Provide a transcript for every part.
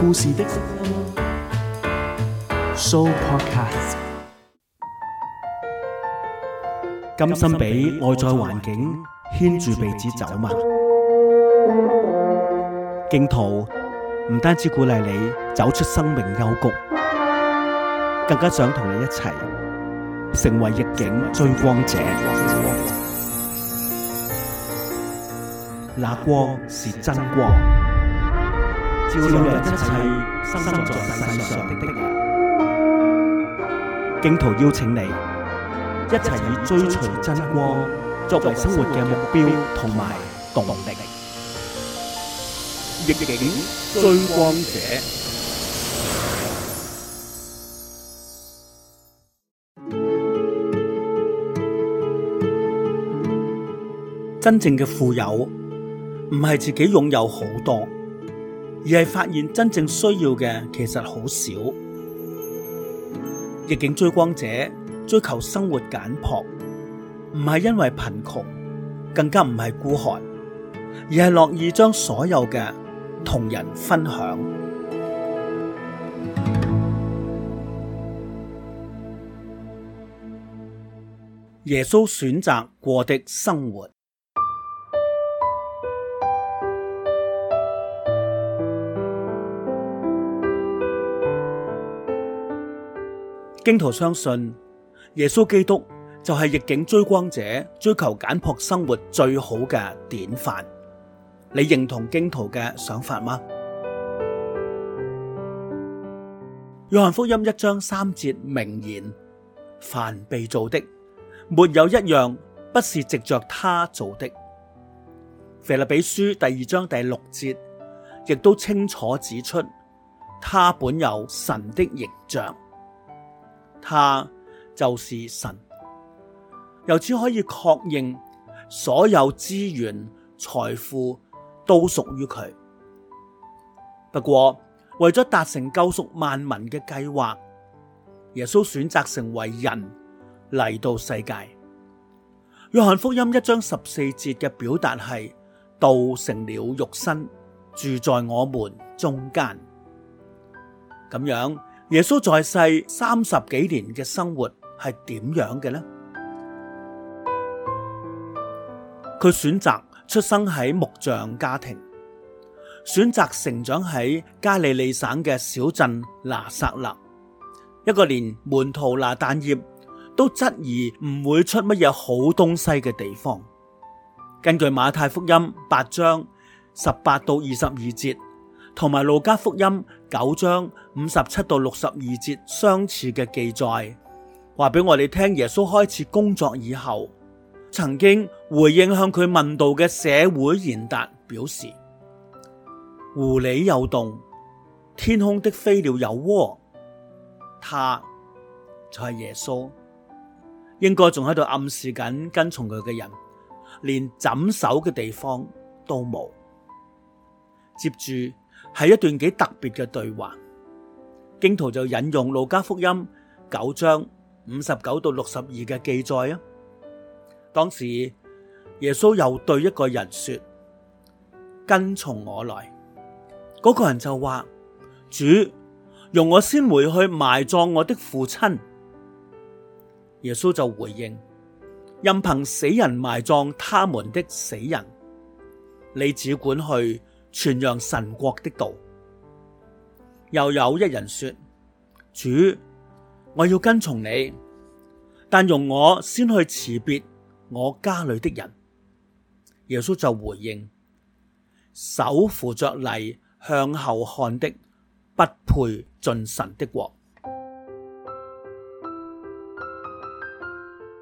故事的 So Podcast，甘心俾外在環境牽住鼻子走嘛？荊徒唔單止鼓勵你走出生命幽谷，更加想同你一齊成為逆境追光者。那光是真光。照亮一切生在世上的人，荊徒邀請你，一齊以追隨真光作為生活嘅目標同埋動力，逆境追光者。真正嘅富有，唔係自己擁有好多。而係發現真正需要嘅其實好少，逆境追光者追求生活簡樸，唔係因為貧窮，更加唔係孤寒，而係樂意將所有嘅同人分享。耶穌選擇過的生活。荊徒相信耶穌基督就係逆境追光者，追求簡樸生活最好嘅典範。你認同荊徒嘅想法嗎？約翰福音一章三節明言：凡被造的，沒有一樣不是藉着他造的。腓立比書第二章第六節亦都清楚指出，他本有神的形像。他就是神，由此可以確認所有資源財富都屬於佢。不過為咗達成救贖萬民嘅計劃，耶穌選擇成為人嚟到世界。約翰福音一章十四節嘅表達係：道成了肉身，住在我們中間。咁樣。耶穌在世三十幾年嘅生活係點樣嘅呢？佢選擇出生喺木匠家庭，選擇成長喺加利利省嘅小鎮拿撒勒，一個連門徒拿但業都質疑唔會出乜嘢好東西嘅地方。根據馬太福音八章十八到二十二節，同埋路加福音九章。五十七到六十二節相似嘅記載，話俾我哋聽耶穌開始工作以後，曾經回應向佢問道嘅社會賢達，表示：狐狸有洞，天空的飛鳥有窩，他就係耶穌，應該仲喺度暗示緊跟從佢嘅人，連枕頭嘅地方都冇。接住係一段幾特別嘅對話。荊徒就引用路加福音九章五十九到六十二嘅記載啊，當時耶穌又對一個人說：跟從我來。嗰、那個人就話：主，容我先回去埋葬我的父親。耶穌就回應：任憑死人埋葬他們的死人，你只管去傳揚神國的道。又有一人說：主，我要跟從你，但容我先去辭別我家裏的人。耶穌就回應：手扶着犁向後看的，不配進神的國。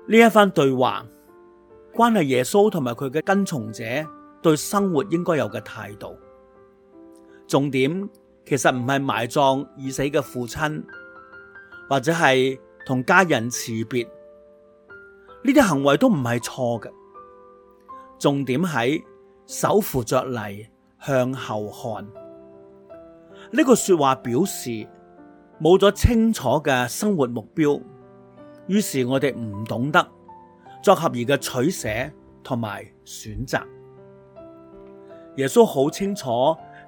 呢一番對話，關係耶穌同埋佢嘅跟從者對生活應該有嘅態度。重點。其實唔係埋葬已死嘅父親，或者係同家人辭別，呢啲行為都唔係錯嘅。重點喺手扶着犁向後看，呢個說話表示冇咗清楚嘅生活目標。於是我哋唔懂得作合宜嘅取捨同埋選擇。耶穌好清楚。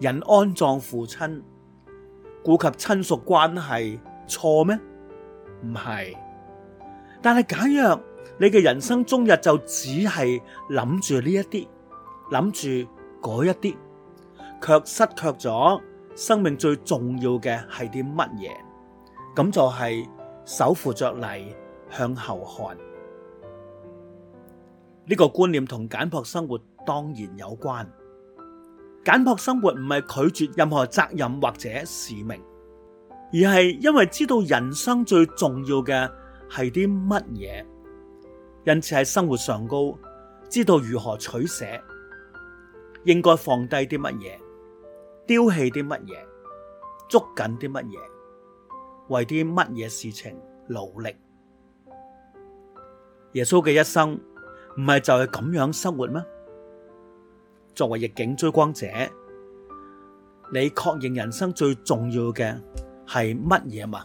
人安葬父親，顧及親屬關係錯，錯咩？唔係。但係假若你嘅人生終日就只係諗住呢一啲，諗住嗰一啲，卻失卻咗生命最重要嘅係啲乜嘢？咁就係手扶着犁向後看。呢、這個觀念同簡樸生活當然有關。簡樸生活唔係拒絕任何責任或者使命，而係因為知道人生最重要嘅係啲乜嘢，因此喺生活上高，知道如何取捨，應該放低啲乜嘢，丟棄啲乜嘢，捉緊啲乜嘢，為啲乜嘢事情努力。耶穌嘅一生唔係就係咁樣生活咩？作為逆境追光者，你確認人生最重要嘅係乜嘢嘛？